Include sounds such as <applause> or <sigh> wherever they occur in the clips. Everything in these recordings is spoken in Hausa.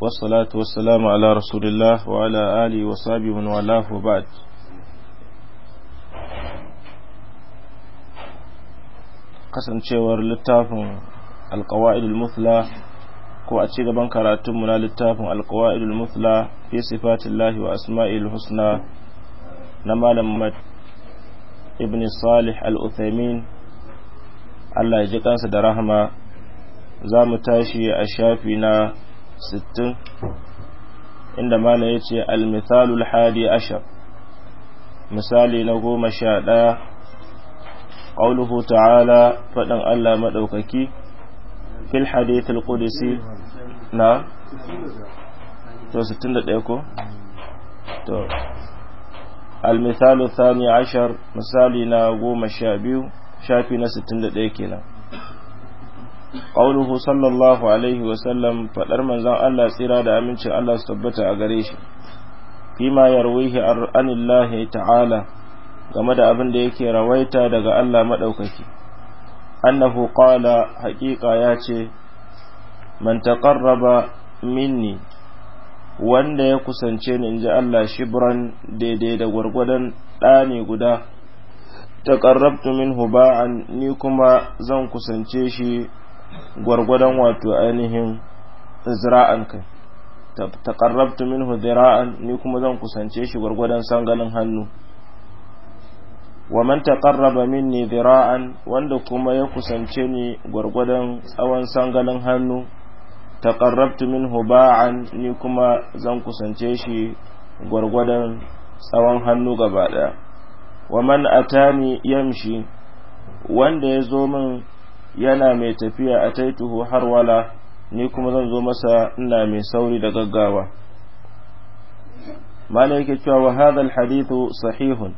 والصلاة والسلام على رسول الله ali wa sabi من والاه وبعد kasancewar littafin alkawa'idul musla ko a ci gaban karatunmu na littafin alkawa'idul musla fi sifatillahi wa asma'il husna na malam ibn salih al-uthaymin Allah ya ji kansa da rahama za mu tashi a shafi na sittin inda mana ya ce almithalul hadi ashar misali na goma sha ɗaya ƙauluhu ta'ala faɗin Allah maɗaukaki fil hadithul ƙudisi na to sittin da ɗaya ko to almithalu thani ashar misali na goma sha biyu shafi na sittin da ɗaya kenan qawluhu sallallahu alaihi wa sallam fadar manzon Allah tsira da aminci Allah su tabbata a gare shi fima yarwihi anillahi ta'ala game da abin da yake rawaita daga Allah maɗaukaki. annahu qala haƙiƙa ya ce man taqarraba minni wanda ya kusance ni ji Allah shibran daidai da gwargwadon ɗani guda taqarrabtu minhu ba'an ni kuma zan kusance shi gwargwadon wato ainihin zira'an kai min minhu zira'an ni kuma zan kusance shi gwargwadon sangalin hannu wa man taqarraba minni zira'an wanda kuma ya kusance ni gwargwadon tsawon sangalin hannu taqarrabtu minhu ba'an ni kuma zan kusance shi gwargwadon tsawon hannu gaba daya wa man atani yamshi wanda ya zo min yana mai tafiya a taituhu har wala ni kuma zan zo masa ina mai sauri da gaggawa malai yake cewa wa hadha hadithu sahihun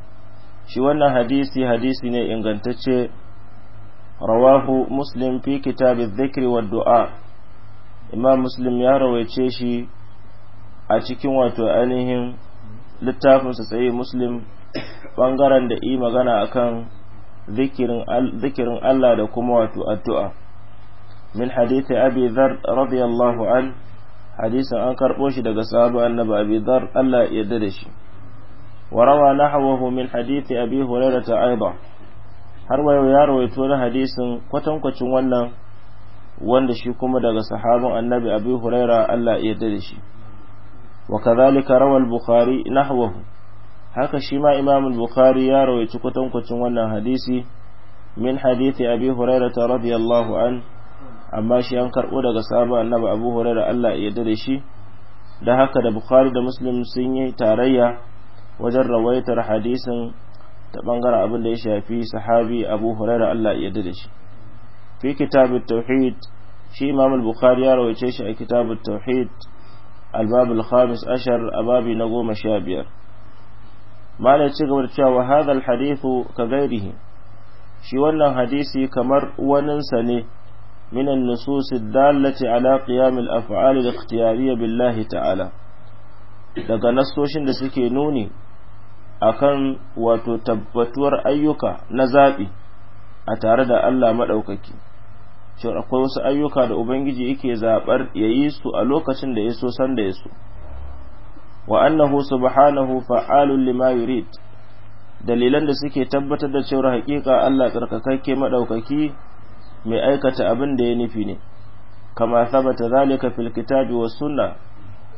shi wannan hadisi hadisi ne ingantacce rawahu muslim fi kitab adh-dhikri dua imam muslim ya rawaice shi a cikin wato ainihin littafinsa sai muslim bangaren da yi magana akan zikirin Allah da kuma wato addu'a min hadithi abi radiyallahu an hadisin an karɓo shi daga sahabu annabi abi Allah ya yarda da shi wa rawa nahwahu min hadithi abi ta aidan har wayo ya rawaito na hadisin kwatankwacin wannan wanda shi kuma daga sahabin annabi abi huraira Allah ya yarda da shi wa kadhalika rawal bukhari nahwahu haka shi ma imam bukari bukhari ya rawaita kwatankwacin wannan hadisi min hadisi abi hurairata radiyallahu an amma shi an karbo daga sabon annabi abu hurairah Allah ya yarda shi da haka da bukhari da muslim sun yi tarayya wajen rawaitar hadisin ta bangaren abin da ya shafi sahabi abu hurairah Allah ya yarda shi fi kitabut tauhid shi imam bukari ya rawaice shi a kitabut tauhid al khamis ashar babi na goma sha biyar malai ci gaba da cewa hadal hadithu ka gairihi shi wannan hadisi kamar waninsa ne من ala الدالة على قيام الأفعال الاختيارية billahi ta'ala daga nasoshin da suke nuni akan wato tabbatuwar ayyuka na zaɓi a tare da Allah maɗaukaki shi akwai wasu ayyuka da Ubangiji yake zaɓar ya yi su a lokacin da ya so san da ya so wa annahu subhanahu fa'alun lima dalilan da suke tabbatar da cewa hakika Allah tsarkakakke madaukaki mai aikata abin da ya nufi ne kama sabata zalika fil kitabi was sunna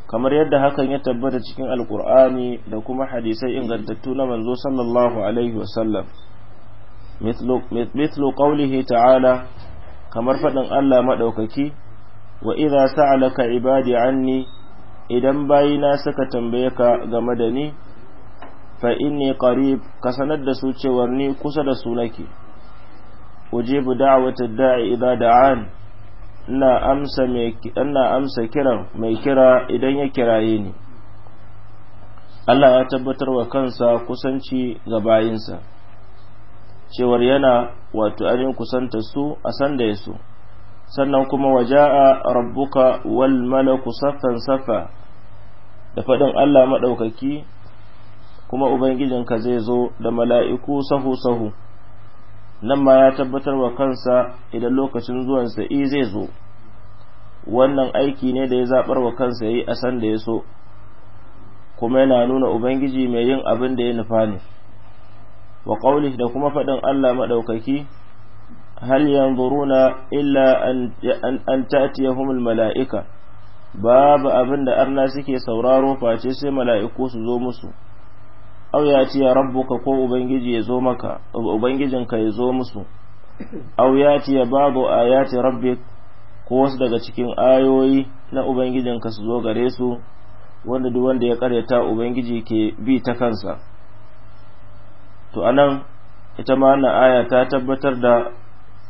kamar yadda hakan ya tabbata cikin alqur'ani da kuma hadisai ingantattu na manzo sallallahu alaihi wasallam mithlu qawlihi ta'ala kamar fadin Allah madaukaki wa idza sa'alaka ibadi anni idan bayina suka tambaye ka game da ni fa inni qarib ka sanar da su cewar ni kusa da su nake ujibu da'awata da'i idza da'an ina amsa me ina amsa kiran mai kira idan ya kiraye ni Allah ya tabbatar wa kansa kusanci ga bayinsa cewar yana wato ainihin kusanta su a sanda ya so sannan kuma waja'a rabbuka wal malaku saffan safa da faɗin Allah maɗaukaki kuma Ubangijinka zai zo da mala'iku sahu-sahu, nan ma ya tabbatar wa kansa idan lokacin zuwansa i zai zo, wannan aiki ne da ya zaɓar wa kansa yi a san da ya so, kuma yana nuna Ubangiji mai yin abin da ya nufa ne, wa ƙauli da kuma faɗin Allah maɗaukaki, hal yanzuruna illa an ta'tiyahumul mala'ika. babu abin da Allah suke sauraro face sai mala'iku su zo musu aw ya ce ya rabbuka ko ubangiji ya zo maka ubangijinka ya zo musu aw ya ce ya babu ayati rabbik ko wasu daga cikin ayoyi na ubangijinka su zo gare su wanda duk wanda ya karyata ubangiji ke bi ta kansa to anan ita ma wannan aya ta tabbatar da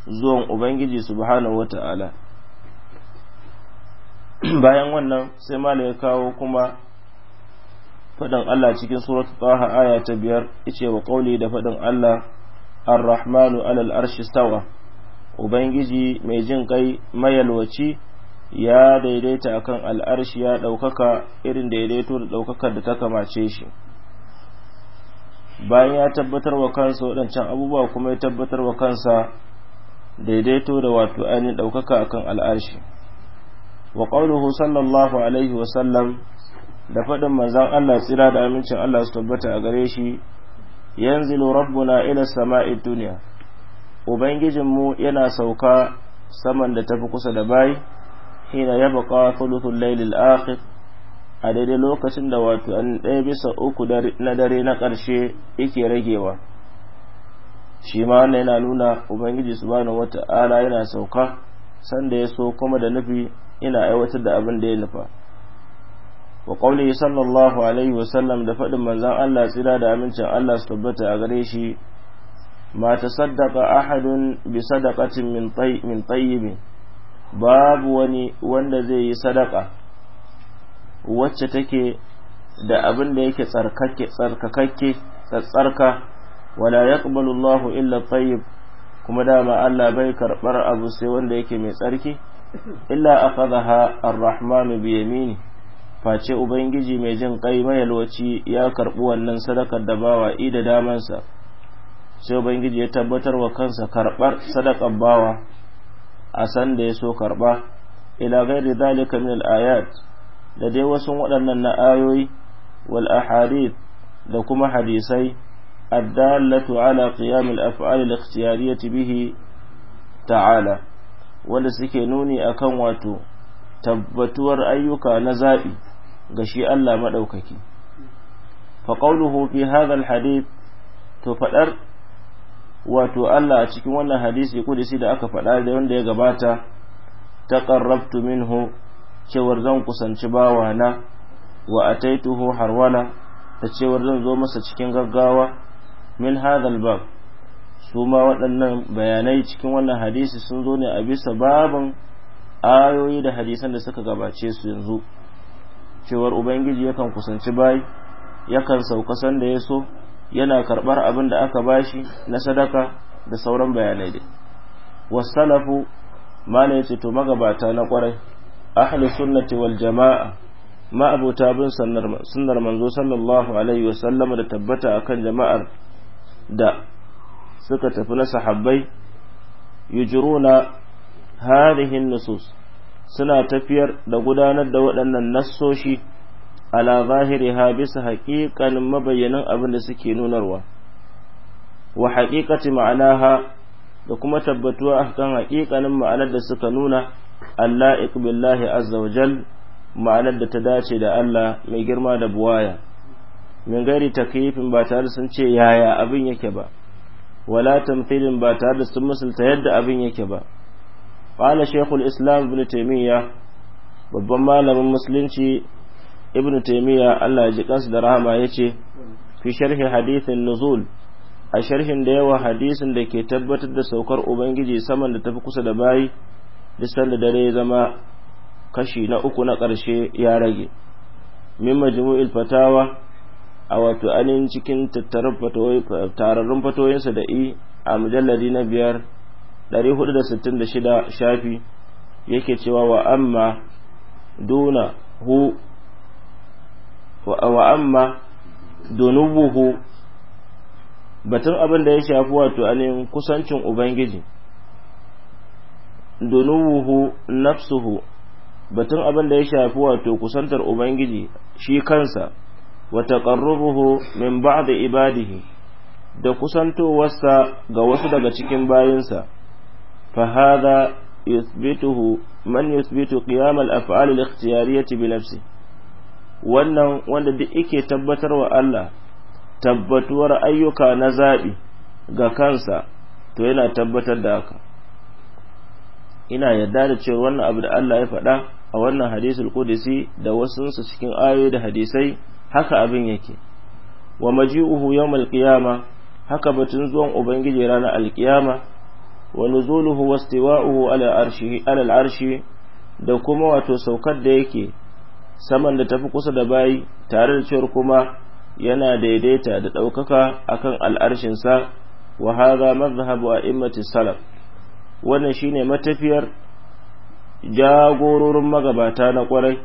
zuwan ubangiji subhanahu wata'ala <clears throat> bayan wannan sai mala ya kawo kuma faɗin Allah cikin suratul Taha aya ta biyar yace wa qauli da faɗin Allah Ar-Rahmanu 'alal arshi stawa Ubangiji mai jin kai mayalwaci ya daidaita akan al'arshi ya ɗaukaka irin daidaito da ɗaukakar da ta kamace shi bayan ya tabbatar wa kansa waɗancan abubuwa kuma ya tabbatar wa kansa daidaito da wato ainihin ɗaukaka akan al'arshi wa qawluhu sallallahu alaihi wa sallam da faɗin manzon Allah tsira da amincin Allah su tabbata a gare shi yanzilu rabbuna ila sama'i dunya mu yana sauka saman da tafi kusa da bai hina yabqa thuluthul al akhir a daidai lokacin da wato an ɗaya bisa uku na dare na ƙarshe yake ragewa shi ma wannan yana nuna ubangiji subhanahu wata'ala yana sauka sanda ya so kuma da nufi ina aiwatar da abin da ya nufa wa qawlihi sallallahu alaihi wa sallam da fadin manzon Allah tsira da amincin Allah su tabbata a gare shi ma tasaddaqa ahadun bi sadaqatin min tay min tayyib babu wani wanda zai yi sadaka wacce take da abin da yake tsarkake tsarkakakke tsatsarka wala yaqbalu Allahu illa tayyib kuma dama Allah bai karbar abu sai wanda yake mai tsarki illa akhadha ar-rahmanu bi yamini face ubangiji mai jin kai mayalwaci ya karbi wannan sadakar da bawa i da damansa sai ubangiji ya tabbatar wa kansa karbar sadakar bawa a san da ya so karba ila gairi zalika min al-ayat da dai wasu waɗannan na ayoyi wal ahadith da kuma hadisai addalatu ala qiyam al-af'al al-ikhtiyariyah bihi ta'ala wanda suke nuni akan wato tabbatuwar ayyuka na zaɓi ga shi Allah maɗaukaki faƙauluhu fi hadhal hadith to faɗar wato Allah a cikin wannan hadisi kudisi da aka faɗa da wanda ya gabata taqarrabtu minhu cewar zan kusanci bawana wa ataituhu harwala da cewar zan zo masa cikin gaggawa min hadhal bab su ma waɗannan bayanai cikin wannan hadisi sun zo ne a bisa babin ayoyi da hadisan da suka gabace su yanzu cewar ubangiji yakan kusanci bayi yakan sauka sanda ya so yana karɓar abin da aka bashi na sadaka da sauran bayanai dai wasalafu mala yace to magabata na kwarai ahli sunnati wal jama'a ma abota bin sunnar manzo sallallahu alaihi wa da tabbata akan jama'ar da suka tafi na sahabbai yujruna hadhihi nusus suna tafiyar da gudanar da waɗannan nassoshi ala ha bisa haƙiƙanin mabayyanin abin da suke nunarwa wa haƙiƙati ma'anaha da kuma tabbatuwa a kan haƙiƙanin ma'anar da suka nuna Allah billahi azza wa ma'anar da ta dace da Allah mai girma da buwaya min gari takyifin ba tare sun ce yaya abin yake ba wala tamthilin ba tare da sun misalta yadda abin yake ba qala shaykhul islam ibn taymiya babban malamin musulunci ibn taymiya Allah ya ji kansa da rahama yace fi sharhi hadithin nuzul a sharhin da yawa hadisin da ke tabbatar da saukar ubangiji saman da tafi kusa da bayi duk da dare ya zama kashi na uku na ƙarshe ya rage min majmu'il fatawa a wato anin cikin tararrun fatoyinsa da i a mujalladi na biyar 466 shafi yake cewa wa amma duna hu wa amma dunubuhu batun abin da ya shafi wato anin kusancin ubangiji dunubuhu nafsuhu batun abin da ya shafi wato kusantar ubangiji shi kansa wa taqarrubuhu min ba'd ibadihi da kusantowarsa ga wasu daga cikin bayinsa fa hadha yuthbituhu man yuthbitu qiyam al-af'al al ikhtiyariyah bi nafsi wannan wanda duk yake tabbatar wa Allah tabbatuwar ayyuka na zabi ga kansa to yana tabbatar da haka ina yarda da cewa wannan abu da Allah ya faɗa a wannan hadisul qudsi da wasunsa cikin ayoyi da hadisai haka abin yake wa maji'uhu yawmal qiyama haka batun zuwan ubangiji ranar alkiyama wa nuzuluhu wastiwa'uhu ala arshi ala al'arshi da kuma wato saukar da yake saman da tafi kusa da bayi tare da cewar kuma yana daidaita da ɗaukaka akan sa wa hadha madhhabu a'immati salaf wannan shine matafiyar jagororin magabata na kwarai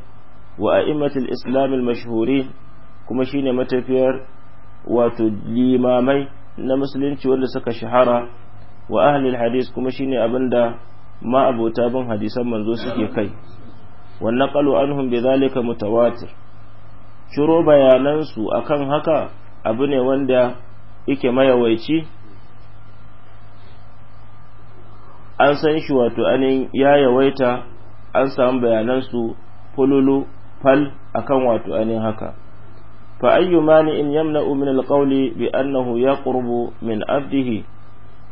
wa a'immatul islamil mashhurin kuma shine matafiyar wato limamai na musulunci wanda suka shahara wa ahlul hadis kuma shine abinda ma abota bin hadisan manzo suke kai wannan qalu anhum bidhalika mutawatir shiro bayanan su akan haka abu ne wanda yake mayawaici an san shi wato anin ya yawaita an samu bayanan su fululu fal akan wato anin haka فأي مانع يمنع من القول بأنه يقرب من عبده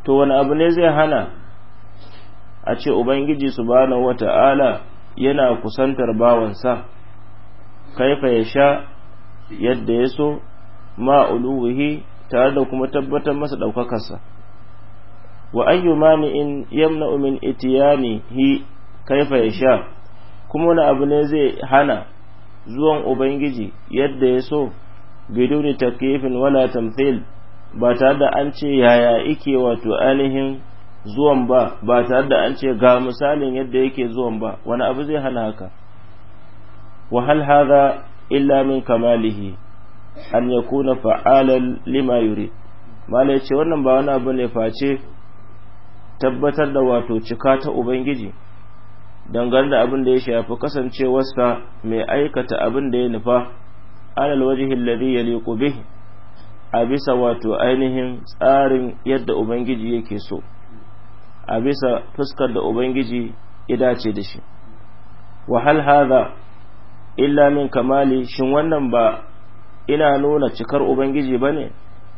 to wani abu ne zai hana a ce ubangiji subhanahu wata'ala yana kusantar bawansa kaifa ya sha yadda ya so uluhi tare da kuma tabbatar masa ɗaukakarsa wa ayyu mani'in yamna'u min itiyanihi kaifa ya sha kuma wani abu ne zai hana zuwan ubangiji yadda ya so biduni takifin wala tamthil ba tare da an ce yaya ike wato ainihin zuwan ba ba tare da an ce ga misalin yadda yake zuwan ba wani abu zai hana haka wa hal illa min kamalihi an yakuna fa'alan lima yuri mala ce wannan ba wani abu ne face tabbatar da wato cika ta ubangiji dangane da abin da ya shafi kasancewarsa mai aikata abin da ya nufa alal wajhi alladhi yaliqu bihi a bisa wato ainihin tsarin yadda ubangiji yake so a bisa fuskar da ubangiji ya dace da shi wa hal illa min kamali shin wannan ba ina nuna cikar ubangiji bane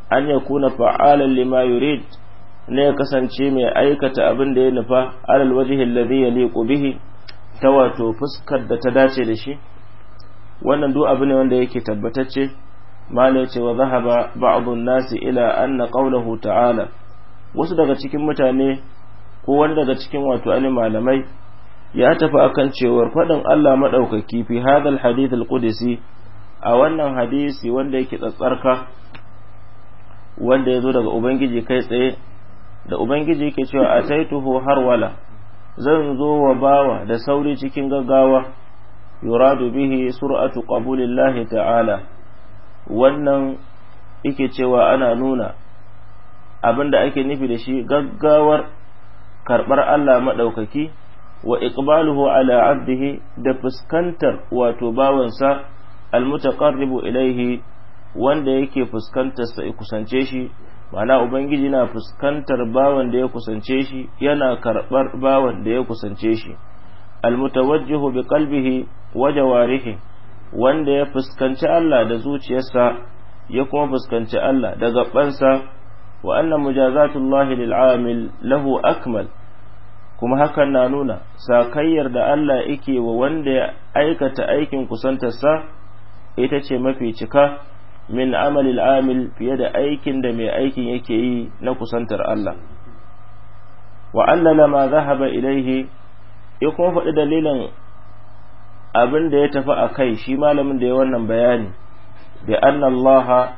an yakuna fa'alan lima yurid ne kasance mai aikata abin da ya nufa alal wajihin ladhi yaliqu bihi ta wato fuskar da ta dace da shi wannan duk abu ne wanda yake tabbatacce mala yace wa zahaba ba'dun nasi ila anna qawluhu ta'ala wasu daga cikin mutane ko wani daga cikin wato ani malamai ya tafi akan cewar faɗin Allah madaukaki fi hadal hadith al a wannan hadisi wanda yake tsatsarka wanda ya zo daga ubangiji kai tsaye da ubangiji yake cewa a har wala zan zo wa bawa da sauri cikin gaggawa yuradu bihi sur'atu qabulillahi ta'ala wannan yake cewa ana nuna abin da ake nufi da shi gaggawar karɓar Allah maɗaukaki wa iqbaluhu ala abdihi da fuskantar wato bawansa almutaqarribu ilaihi wanda yake fuskantar sa kusance shi mana ubangiji na fuskantar bawan da ya kusance shi yana karɓar bawan da ya kusance shi almutawajjihu bi qalbihi wa jawarihi wanda ya fuskanci Allah da zuciyarsa ya kuma fuskanci Allah da gabansa wa anna mujazatullahi lil amil lahu akmal kuma hakan na nuna sakayyar da Allah yake wa wanda ya aikata aikin kusantarsa ita ce mafi cika min amalil amil fiye da aikin da mai aikin yake yi na kusantar Allah wa allala ma zahaba ilaihi ya kuma faɗi dalilin abin da ya tafi a kai shi malamin da ya wannan bayani bi anna Allah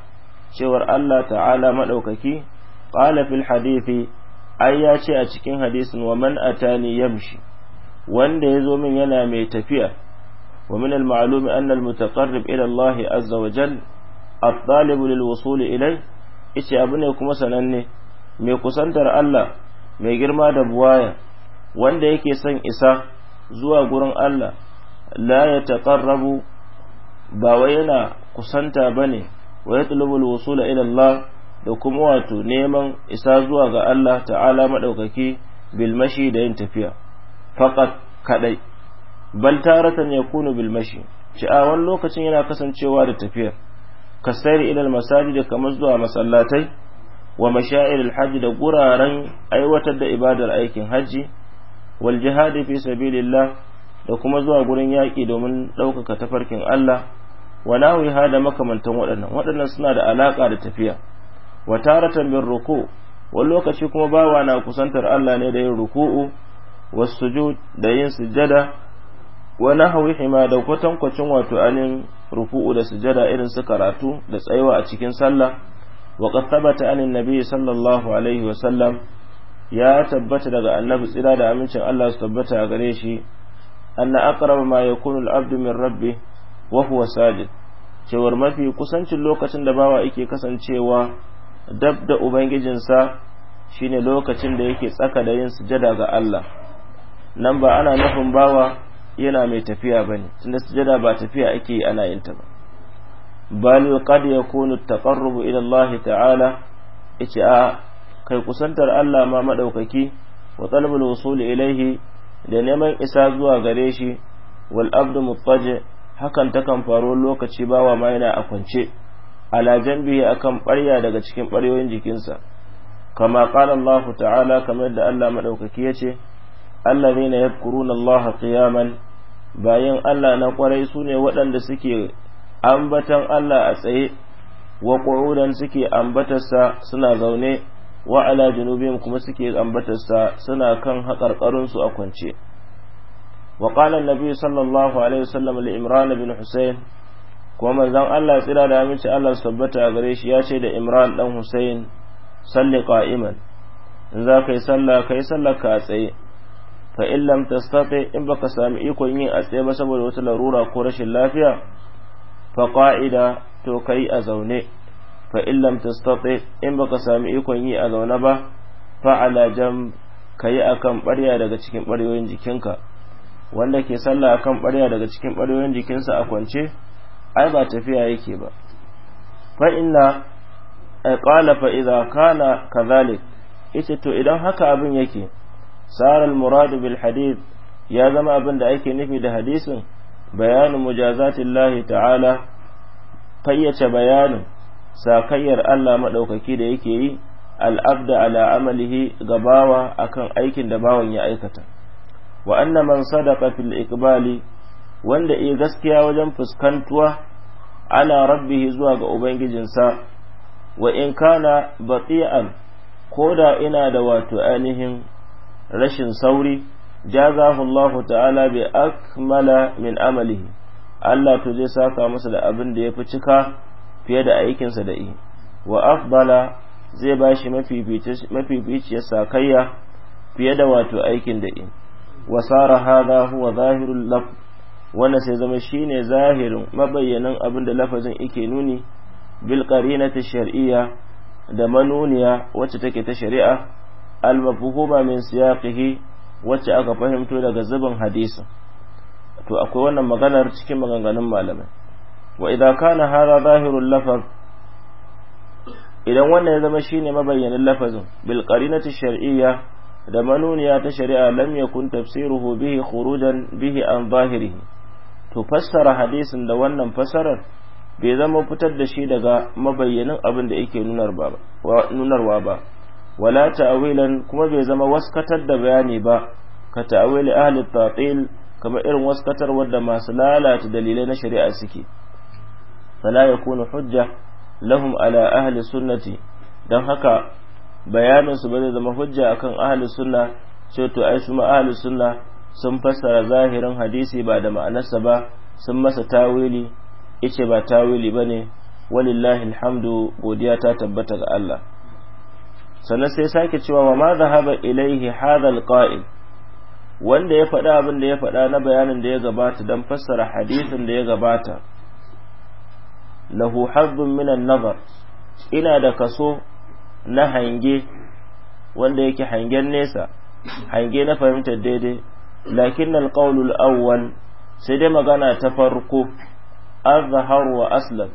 cewar Allah ta'ala madaukaki qala fil hadithi ai ya ce a cikin hadisin wa man atani yamshi wanda ya zo min yana mai tafiya wa min al ma'lum anna al-mutaqarrib ila Allah azza wa jalla at-talibu lil wusul ilai yace abu ne kuma sananne mai kusantar Allah mai girma da buwaya wanda yake son isa zuwa gurin Allah la ya ba wai yana kusanta bane wa yatlubul wusula ila Allah da kuma wato neman isa zuwa ga Allah ta'ala madaukaki bil mashi da yin tafiya faqat kadai bal taratan yakunu bil mashi ci a wani lokacin yana kasancewa da tafiyar kasari ilal masajidi kamar zuwa masallatai wa mashairil hajji da guraren aiwatar da ibadar aikin hajji wal jihadi fi sabilillah da kuma zuwa gurin yaƙi domin ɗaukaka tafarkin Allah wa nawiha da makamantan waɗannan waɗannan suna da alaƙa da tafiya wa taratan bin ruku wani lokaci kuma bawa na kusantar Allah ne da yin ruku'u wa sujud da yin sujjada wa nahwihi ma da kwatankwacin wato anin ruku'u da sujada irin su karatu da tsayuwa a cikin sallah wa qad thabata anin nabiy sallallahu alaihi wa sallam ya tabbata daga annabi tsira da amincin Allah su tabbata a gare shi anna aqrab ma yakunu al-abdu min rabbi wa huwa sajid cewar mafi kusancin lokacin da bawa yake kasancewa dab da ubangijinsa shine lokacin da yake tsaka da yin sujada ga Allah nan ba ana nufin bawa yana mai tafiya bane tunda sujada ba tafiya ake yi ana yin ta ba bal qad yakunu at-taqarrubu ila Allah ta'ala yace a kai kusantar Allah ma madaukaki wa talabul wusul ilayhi da neman isa zuwa gare shi wal abdu muttaji hakan ta kan faru lokaci bawa ma yana a kwance ala janbi akan ɓarya daga cikin ɓaryoyin jikinsa kama qala Allah ta'ala kamar da Allah madaukaki ce. allazina yadhkuruna allaha qiyaman bayan Allah na kwarai su ne waɗanda suke ambatan Allah a tsaye wa qu'udan suke ambatarsa suna zaune wa ala junubihim kuma suke ambatarsa suna kan haƙarƙarin su a kwance wa qala an sallallahu alaihi wasallam li imran bin husayn kuma manzon Allah tsira da aminci Allah tabbata gare shi ya ce da imran dan husayn salli qa'iman in za ka yi sallah ka yi sallah ka tsaye fa in tastati in baka sami ikon yin a tsaye ba saboda wata larura ko rashin lafiya fa qa'ida to kai a zaune fa in tastati in baka sami ikon yi a zaune ba fa ala jam kai akan barya daga cikin baryoyin jikinka wanda ke sallah akan barya daga cikin baryoyin jikinsa a kwance ai ba tafiya yake ba fa inna qala fa idza kana kadhalik ita to idan haka abin yake sarar muradu bil hadith ya zama abin da ake nufi da hadisin bayanin mujazatillahi ta'ala fayyace bayanin sakayyar Allah maɗaukaki da yake yi al'abda ala amalihi gabawa akan aikin da bawan ya aikata wa anna man sadaqa fil wanda iya gaskiya wajen fuskantuwa ana rabbihi zuwa ga ubangijinsa wa in kana bati'an koda ina da wato ainihin rashin sauri jazahu Allah ta'ala bi akmala min amalihi Allah to zai saka masa da abin da yafi cika fiye da aikinsa da yi wa afdala zai ba bashi mafificiyar sakayya fiye da wato aikin da yi wa sara hadha huwa zahirul laf wannan sai zama shine zahirin mabayyanan abin da lafazin yake nuni bil qarinati shar'iyya da manuniya wacce take ta shari'a al min siyaqihi wacce aka fahimto daga zubin hadisi to akwai wannan maganar cikin maganganun malamai wa idan kana hada zahirul lafaz idan wannan ya zama shine mabayyanin lafazin bil qarinati shar'iyya da manuniya ta shari'a lam yakun tafsiruhu bihi khurujan bihi an zahirihi to fassara hadisin da wannan fassarar bai zama fitar da shi daga mabayyanin abin da yake nunarwa ba wala ta'awilan kuma bai zama waskatar da bayani ba ka ta'awili ahli tatil kamar irin waskatar wanda masu lalata dalilai na shari'a suke fala yakunu hujja lahum ala ahli sunnati dan haka bayanin su bai zama hujja akan ahli sunna sai to ai su ahli sunna sun fassara zahirin hadisi ba da ma'anarsa ba sun masa tawili ice ba tawili bane walillahi alhamdu godiya ta tabbata ga Allah sannan sai sake cewa wa ma zahaba ilaihi hadha alqa'il wanda ya faɗa abin da ya faɗa na bayanin da ya gabata dan fassara hadisin da ya gabata lahu min minan nazar ina da kaso na hange wanda yake hangen nesa hange na fahimtar daidai lakin al awwal sai dai magana ta farko azhar wa aslam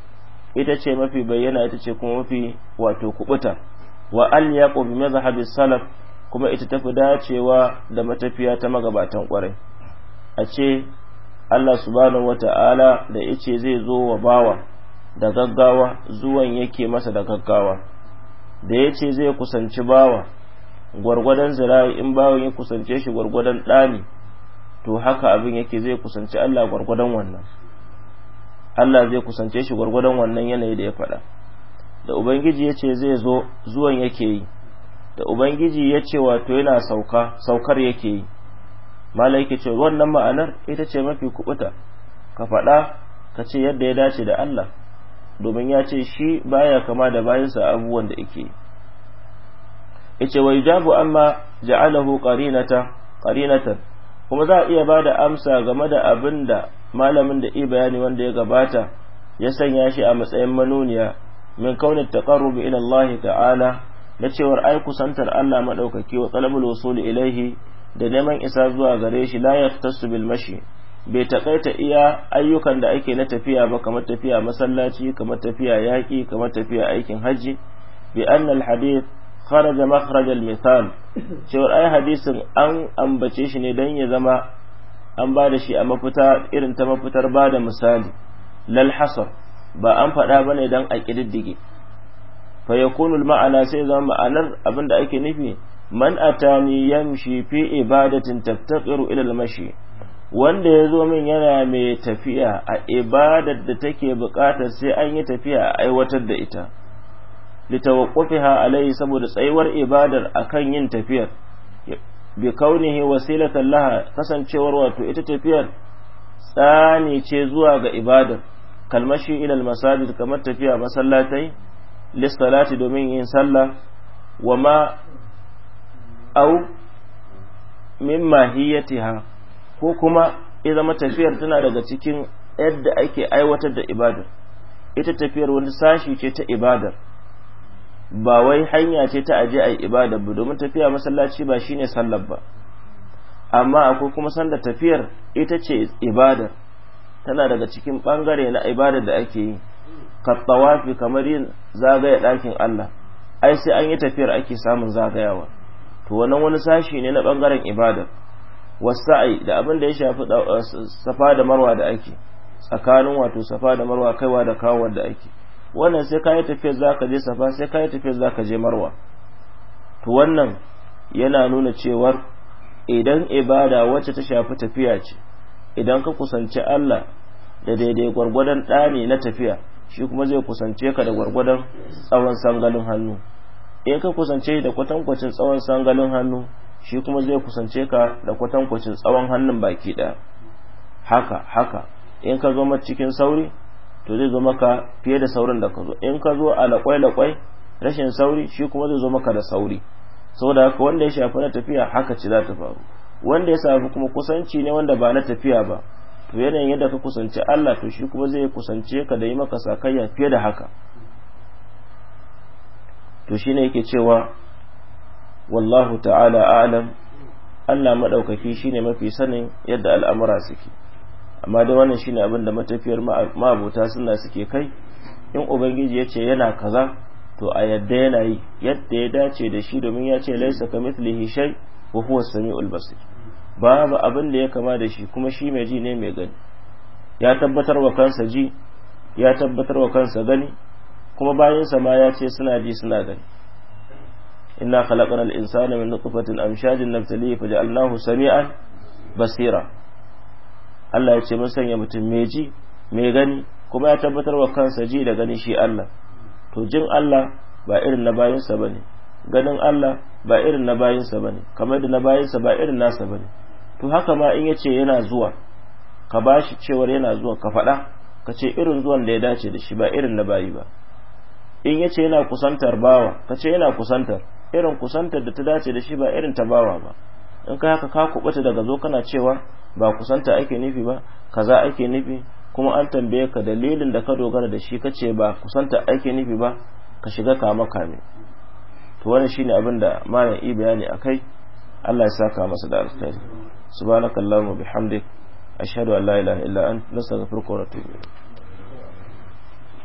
ita ce mafi bayyana ita ce kuma mafi wato kubuta wa alyaqu bi mazhabi salaf kuma ita tafi dacewa da matafiya ta magabatan kwarai a ce Allah subhanahu wata'ala da yace zai zo wa bawa da gaggawa zuwan yake masa da gaggawa da yace zai kusanci bawa gwargwadon zira'i in bawan ya kusance shi gwargwadon ɗani to haka abin yake zai kusanci Allah gwargwadon wannan Allah zai kusance shi gwargwadon wannan yanayi da ya faɗa da ubangiji ya ce zai zo zuwan yake yi da ubangiji ya ce wato yana sauka saukar yake yi malai ce wannan ma'anar ita ce mafi kubuta ka faɗa ka ce yadda ya dace da Allah domin ya ce shi baya kama da bayansa abubuwan da yake yace wa yujabu amma ja'alahu qarinata qarinatan kuma za a iya da amsa game da abin da malamin da i bayani wanda ya gabata ya sanya shi a matsayin manuniya min kaunin taqarrubi ilallahi Allah ta'ala na cewar ai kusantar Allah madaukaki wa talabul wusul ilaihi da neman isa zuwa gare shi la yaftasu bil mashi bai taƙaita iya ayyukan da ake na tafiya ba kamar tafiya masallaci kamar tafiya yaƙi kamar tafiya aikin hajji bi annal hadith kharaja makhraj al misal cewar ai hadisin an ambace shi ne dan ya zama an ba da shi a mafita irin ta mafitar bada misali lal hasar ba an faɗa ba ne don a ƙididdige fa yakunu ma'ana sai zama ma'anar abin da ake nufi man atani yamshi fi ibadatin taftaqiru ila al-mashi wanda ya zo min yana mai tafiya a ibadar da take buƙatar sai an yi tafiya a aiwatar da ita litawaqqufiha alayhi saboda tsayuwar ibadar akan yin tafiyar bi kaunihi wasilatan laha kasancewar wato ita tafiyar tsani ce zuwa ga ibadar kalmashi ilal masajid kamar tafiya masallatai lissalati domin yin sallah wa ma au min mahiyatiha ko kuma idan zama tafiyar tana daga cikin yadda ake aiwatar da ibadar ita tafiyar wani sashi ce ta ibadar ba wai hanya ce ta aje ai ibadar ba domin tafiya masallaci ba shine sallar ba amma akwai kuma sanda tafiyar ita ce ibadar tana daga cikin ɓangare na ibadar da ake yi kattawafi kamar yin zagaya ɗakin Allah ai sai an yi tafiyar ake samun zagayawa to wannan wani sashi ne na bangaren ibada wasa'i da abin da ya shafi eh, safa da marwa da ake tsakanin wato safa da marwa kaiwa da kawo da ake wannan sai ka yi tafiyar za ka je safa sai ka yi tafiyar za ka je marwa to wannan yana nuna cewar idan ibada wacce ta shafi tafiya ce idan ka kusanci Allah da daidai gwargwadon ɗani na tafiya shi kuma zai kusance ka da gwargwadon tsawon sangalin hannu in ka kusance da kwatankwacin tsawon sangalin hannu shi kuma zai kusance ka da kwatankwacin tsawon hannun baki ɗaya haka haka in ka zo cikin sauri to zai zo maka fiye da saurin da ka zo in ka zo a laƙwai-laƙwai rashin sauri shi kuma zai zo maka da sauri saboda haka wanda ya shafi na tafiya haka ce za ta faru wanda ya samu kuma kusanci ne wanda ba na tafiya ba to yanayin yadda ka kusanci Allah to shi kuma zai kusance ka da yi maka sakayya fiye da haka to shi ne yake cewa wallahu ta'ala a'lam Allah madaukaki shine mafi sanin yadda al'amura suke amma dai wannan shine abin da matafiyar ma'abota suna suke kai in ubangiji ya ce yana kaza to a yadda yana yi yadda ya dace da shi domin ya ce laisa ka mithlihi shay' wa huwa sami'ul basir babu abin da ya kama da shi kuma shi mai ji ne mai gani ya tabbatar wa kansa ji ya tabbatar wa kansa gani kuma bayansa ma ya ce suna ji suna gani inna khalaqna al-insana min nutfatin amshajin nabtalihi faj'alnahu sami'an basira Allah ya ce mun sanya mutum mai ji mai gani kuma ya tabbatar wa kansa ji da gani shi Allah to jin Allah ba irin na bayansa bane ganin Allah ba irin na bayinsa ba ne kamar da na bayinsa ba irin nasa ba ne to haka ma in ya ce yana zuwa ka ba shi cewar yana zuwa ka faɗa ka ce irin zuwan da ya dace da shi ba irin na bayi ba in ya ce yana kusantar bawa ka ce yana kusantar irin kusantar da ta dace da shi ba irin ta bawa ba in ka haka ka kubuta daga zo kana cewa ba kusanta ake nufi ba kaza ake nufi kuma an tambaye ka dalilin da ka dogara da shi kace ba kusanta ake nufi ba ka shiga kama kame to wannan shine abin da malam i bayani a akai Allah ya saka masa da alkhairi subhanakallahumma bihamdik ashhadu an la ilaha illa anta nastaghfiruka wa natubu